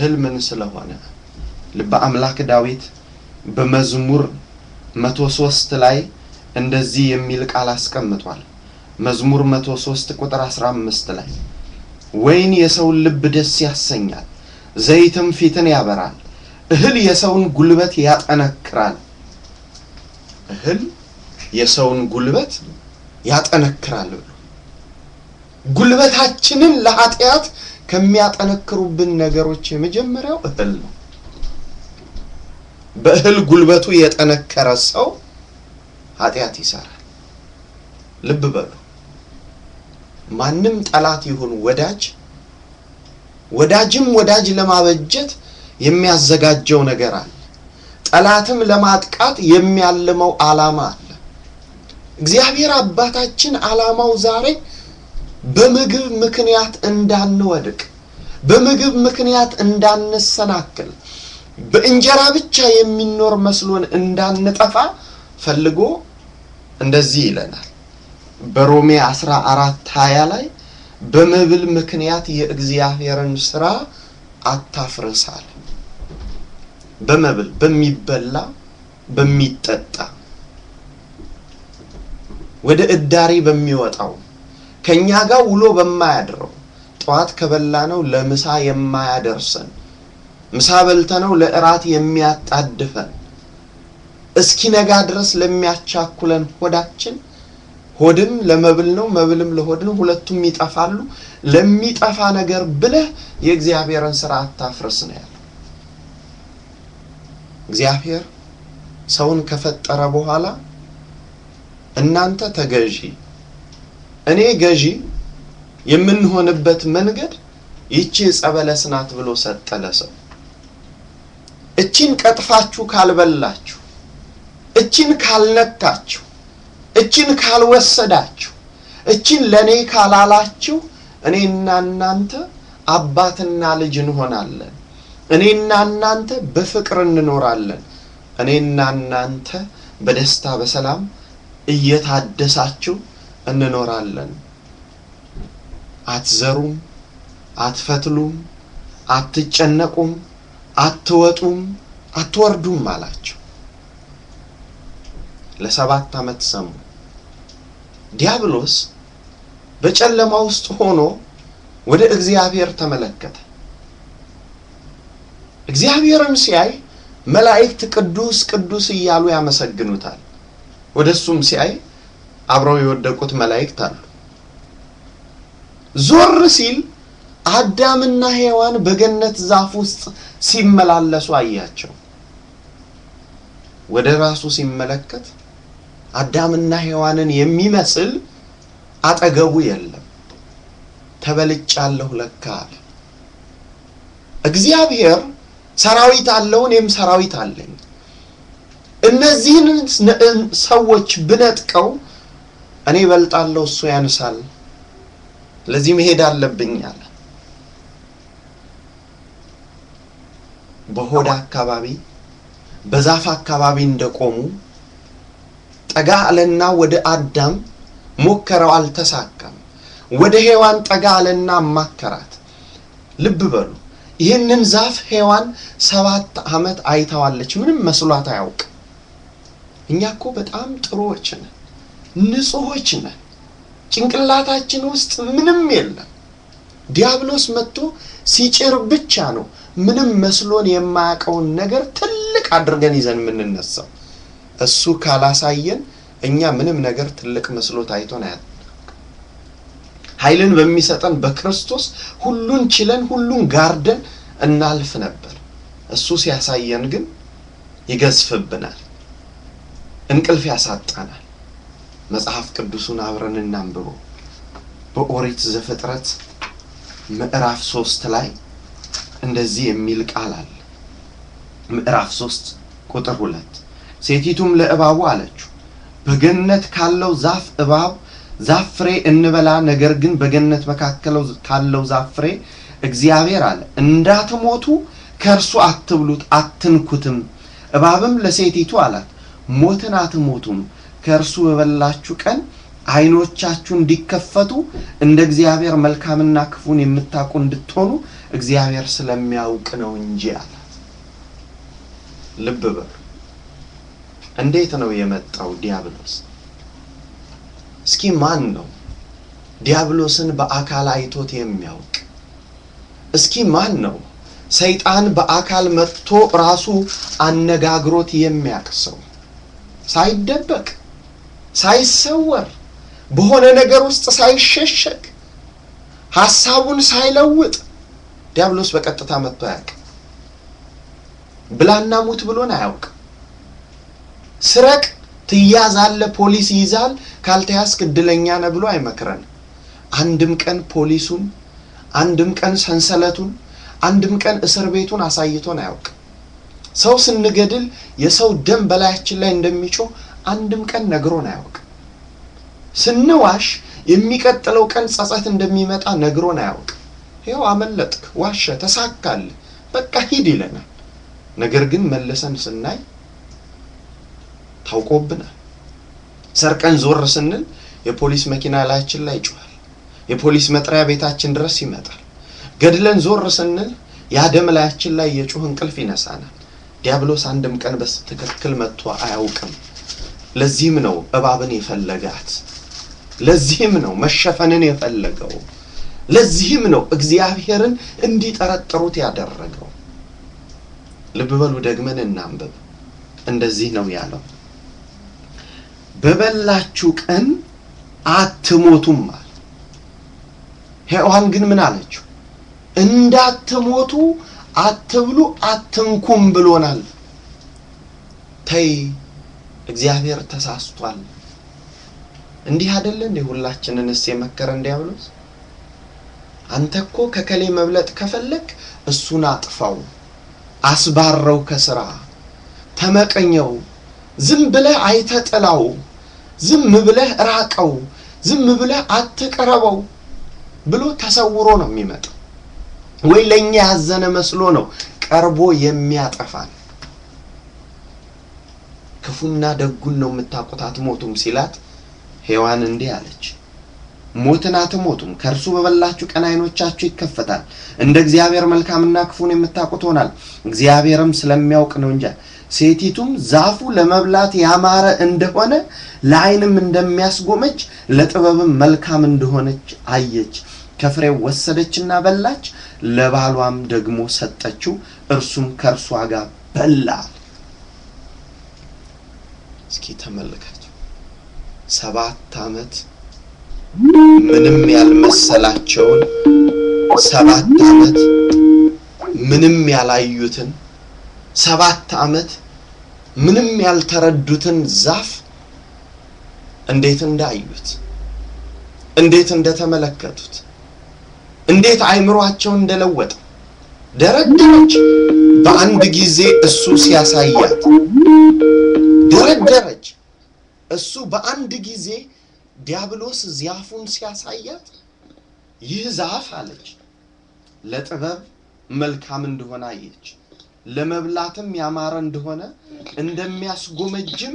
ህልምን ስለሆነ ልበ አምላክ ዳዊት በመዝሙር መቶ ሶስት ላይ እንደዚህ የሚል ቃል አስቀምጧል። መዝሙር መቶ ሶስት ቁጥር አስራ አምስት ላይ ወይን የሰውን ልብ ደስ ያሰኛል፣ ዘይትም ፊትን ያበራል፣ እህል የሰውን ጉልበት ያጠነክራል። እህል የሰውን ጉልበት ያጠነክራል ብሎ ጉልበታችንን ለኃጢአት ከሚያጠነክሩብን ነገሮች የመጀመሪያው እህል ነው። በእህል ጉልበቱ የጠነከረ ሰው ኃጢአት ይሰራል። ልብ በሉ። ማንም ጠላት ይሁን ወዳጅ ወዳጅም ወዳጅ ለማበጀት የሚያዘጋጀው ነገር አለ። ጠላትም ለማጥቃት የሚያልመው አላማ አለ። እግዚአብሔር አባታችን አላማው ዛሬ በምግብ ምክንያት እንዳንወድቅ፣ በምግብ ምክንያት እንዳንሰናክል፣ በእንጀራ ብቻ የሚኖር መስሎን እንዳንጠፋ ፈልጎ እንደዚህ ይለናል በሮሜ 14 20 ላይ በመብል ምክንያት የእግዚአብሔርን ስራ አታፍርሳል። በመብል በሚበላ በሚጠጣ ወደ እዳሪ በሚወጣው ከኛ ጋር ውሎ በማያድረው ጠዋት ከበላ ነው ለምሳ የማያደርሰን ምሳ በልተ ነው ለእራት የሚያጣድፈን እስኪነጋ ድረስ ለሚያቻኩለን ሆዳችን ሆድም ለመብል ነው፣ መብልም ለሆድ ነው። ሁለቱም ይጠፋሉ። ለሚጠፋ ነገር ብለህ የእግዚአብሔርን ስራ አታፍርስ ነው ያለው። እግዚአብሔር ሰውን ከፈጠረ በኋላ እናንተ ተገዢ እኔ ገዢ የምንሆንበት መንገድ ይቺ ጸበለስ ናት ብሎ ሰጠለ ሰው። እቺን ቀጥፋችሁ ካልበላችሁ፣ እቺን ካልነካችሁ፣ እቺን ካልወሰዳችሁ፣ እቺን ለእኔ ካላላችሁ እኔና እናንተ አባትና ልጅ እንሆናለን። እኔና እናንተ በፍቅር እንኖራለን። እኔና እናንተ በደስታ በሰላም እየታደሳችሁ እንኖራለን። አትዘሩም፣ አትፈትሉም፣ አትጨነቁም፣ አትወጡም፣ አትወርዱም አላቸው። ለሰባት ዓመት ሰሙ። ዲያብሎስ በጨለማ ውስጥ ሆኖ ወደ እግዚአብሔር ተመለከተ። እግዚአብሔርም ሲያይ መላእክት ቅዱስ ቅዱስ እያሉ ያመሰግኑታል። ወደ እሱም ሲያይ አብረው የወደቁት መላእክት አሉ። ዞር ሲል አዳምና ሔዋን በገነት ዛፍ ውስጥ ሲመላለሱ አያቸው። ወደ ራሱ ሲመለከት አዳምና ሔዋንን የሚመስል አጠገቡ የለም። ተበልጫለሁ ለካ አለ። እግዚአብሔር ሰራዊት አለው፣ እኔም ሰራዊት አለኝ። እነዚህን ሰዎች ብነጥቀው እኔ ይበልጣለሁ እሱ ያንሳል ለዚህ መሄድ አለብኝ አለ በሆድ አካባቢ በዛፍ አካባቢ እንደቆሙ ጠጋ አለና ወደ አዳም ሞከረው አልተሳካም ወደ ሔዋን ጠጋ አለና አማከራት ልብ በሉ ይህንን ዛፍ ሔዋን ሰባት ዓመት አይተዋለች ምንም መስሏት አያውቅ እኛ እኮ በጣም ጥሩዎች ነን ንጹሆች ነን። ጭንቅላታችን ውስጥ ምንም የለም። ዲያብሎስ መጥቶ ሲጭር ብቻ ነው ምንም መስሎን የማያውቀውን ነገር ትልቅ አድርገን ይዘን የምንነሳው። እሱ ካላሳየን እኛ ምንም ነገር ትልቅ መስሎ ታይቶን አያ። ኃይልን በሚሰጠን በክርስቶስ ሁሉን ችለን ሁሉን ጋርደን እናልፍ ነበር። እሱ ሲያሳየን ግን ይገዝፍብናል፣ እንቅልፍ ያሳጣናል። መጽሐፍ ቅዱሱን አብረን እናንብበው። በኦሪት ዘፍጥረት ምዕራፍ ሶስት ላይ እንደዚህ የሚል ቃል አለ። ምዕራፍ ሶስት ቁጥር ሁለት ሴቲቱም ለእባቡ አለችው በገነት ካለው ዛፍ እባብ ዛፍ ፍሬ እንበላ፣ ነገር ግን በገነት መካከል ካለው ዛፍ ፍሬ እግዚአብሔር አለ እንዳትሞቱ ከእርሱ አትብሉት አትንኩትም። እባብም ለሴቲቱ አላት ሞትን አትሞቱም ከእርሱ በበላችሁ ቀን አይኖቻችሁ እንዲከፈቱ እንደ እግዚአብሔር መልካምና ክፉን የምታውቁ እንድትሆኑ እግዚአብሔር ስለሚያውቅ ነው እንጂ አላት። ልብ በሉ። እንዴት ነው የመጣው ዲያብሎስ? እስኪ ማን ነው ዲያብሎስን በአካል አይቶት የሚያውቅ? እስኪ ማን ነው ሰይጣን በአካል መጥቶ ራሱ አነጋግሮት የሚያቅሰው ሳይደበቅ ሳይሰወር በሆነ ነገር ውስጥ ሳይሸሸግ ሀሳቡን ሳይለውጥ ዲያብሎስ በቀጥታ መጥቶ አያውቅ። ብላና ሙት ብሎን አያውቅ። ስረቅ ትያዛለ፣ ፖሊስ ይይዛል፣ ካልተያዝክ እድለኛ ነህ ብሎ አይመክረን። አንድም ቀን ፖሊሱን፣ አንድም ቀን ሰንሰለቱን፣ አንድም ቀን እስር ቤቱን አሳይቶን አያውቅ። ሰው ስንገድል የሰው ደም በላያችን ላይ እንደሚጮህ አንድም ቀን ነግሮን አያውቅም። ስንዋሽ የሚቀጥለው ቀን ጸጸት እንደሚመጣ ነግሮን አያውቅም። ይኸው አመለጥክ፣ ዋሸ፣ ተሳካል፣ በቃ ሂድ ይለናል። ነገር ግን መለሰን ስናይ ታውቆብናል። ሰርቀን ዞር ስንል የፖሊስ መኪና ላያችን ላይ ይጮሃል። የፖሊስ መጥሪያ ቤታችን ድረስ ይመጣል። ገድለን ዞር ስንል የአደም ላያችን ላይ የጩህ እንቅልፍ ይነሳናል። ዲያብሎስ አንድም ቀን በትክክል መጥቶ አያውቅም። ለዚህም ነው እባብን የፈለጋት። ለዚህም ነው መሸፈንን የፈለገው። ለዚህም ነው እግዚአብሔርን እንዲጠረጥሩት ያደረገው። ልብ በሉ፣ ደግመን እናንብብ። እንደዚህ ነው ያለው፣ በበላችሁ ቀን አትሞቱም አለ። ሔዋን ግን ምን አለችው? እንዳትሞቱ አትብሉ፣ አትንኩም ብሎናል። ተይ እግዚአብሔር ተሳስቷል። እንዲህ አይደለ እንዴ? ሁላችንንስ የመከረን ዲያብሎስ አንተ እኮ ከከሌ መብለጥ ከፈለግ እሱን አጥፋው፣ አስባረው፣ ከስራ ተመቀኘው፣ ዝም ብለህ አይተጥላው፣ ዝም ብለህ ራቀው፣ ዝም ብለህ አትቀረበው ብሎ ተሰውሮ ነው የሚመጣው። ወይ ለእኛ ያዘነ መስሎ ነው ቀርቦ የሚያጠፋ። ክፉና ደጉን ነው የምታውቁት፣ አትሞቱም ሲላት ሔዋን እንዲህ አለች፣ ሞትን አትሞቱም፣ ከእርሱ በበላችሁ ቀን ዓይኖቻችሁ ይከፈታል፣ እንደ እግዚአብሔር መልካምና ክፉን የምታውቁ ሆናል። እግዚአብሔርም ስለሚያውቅ ነው እንጂ ሴቲቱም ዛፉ ለመብላት ያማረ እንደሆነ ለዓይንም እንደሚያስጎመጅ ለጥበብም መልካም እንደሆነች አየች። ከፍሬው ወሰደችና በላች፣ ለባሏም ደግሞ ሰጠችው፣ እርሱም ከእርሷ ጋር በላ። እስኪ ተመልከቱ። ሰባት አመት ምንም ያልመሰላቸውን ሰባት አመት ምንም ያላዩትን ሰባት አመት ምንም ያልተረዱትን ዛፍ እንዴት እንዳዩት እንዴት እንደተመለከቱት እንዴት አይምሯቸው እንደለወጠ ደረጃዎች በአንድ ጊዜ እሱ ሲያሳያት ደረደረች። እሱ በአንድ ጊዜ ዲያብሎስ ዛፉን ሲያሳያት ይህ ዛፍ አለች ለጥበብ መልካም እንደሆነ አየች፣ ለመብላትም ያማረ እንደሆነ እንደሚያስጎመጅም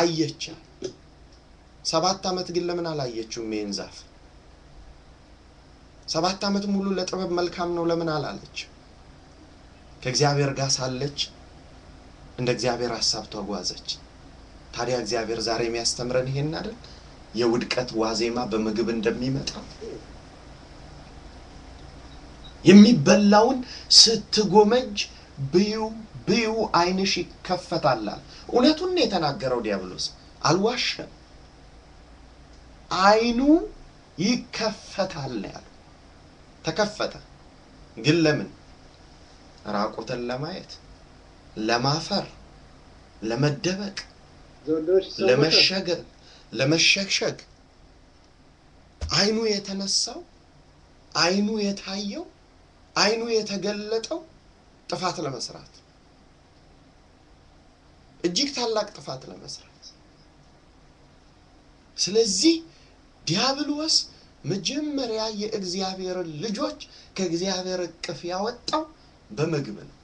አየች። ሰባት ዓመት ግን ለምን አላየችውም ይህን ዛፍ? ሰባት ዓመት ሙሉ ለጥበብ መልካም ነው ለምን አላለች? ከእግዚአብሔር ጋር ሳለች እንደ እግዚአብሔር ሀሳብ ተጓዘች። ታዲያ እግዚአብሔር ዛሬ የሚያስተምረን ይሄን አይደል? የውድቀት ዋዜማ በምግብ እንደሚመጣ የሚበላውን ስትጎመጅ ብዩ ብዩ አይንሽ ይከፈታላል። እውነቱን የተናገረው ዲያብሎስ አልዋሸም። አይኑ ይከፈታል ያሉ ተከፈተ። ግን ለምን? ራቁትን ለማየት ለማፈር፣ ለመደበቅ፣ ለመሸገር፣ ለመሸግሸግ አይኑ የተነሳው አይኑ የታየው አይኑ የተገለጠው ጥፋት ለመስራት እጅግ ታላቅ ጥፋት ለመስራት። ስለዚህ ዲያብሎስ መጀመሪያ የእግዚአብሔርን ልጆች ከእግዚአብሔር እቅፍ ያወጣው በምግብ ነው።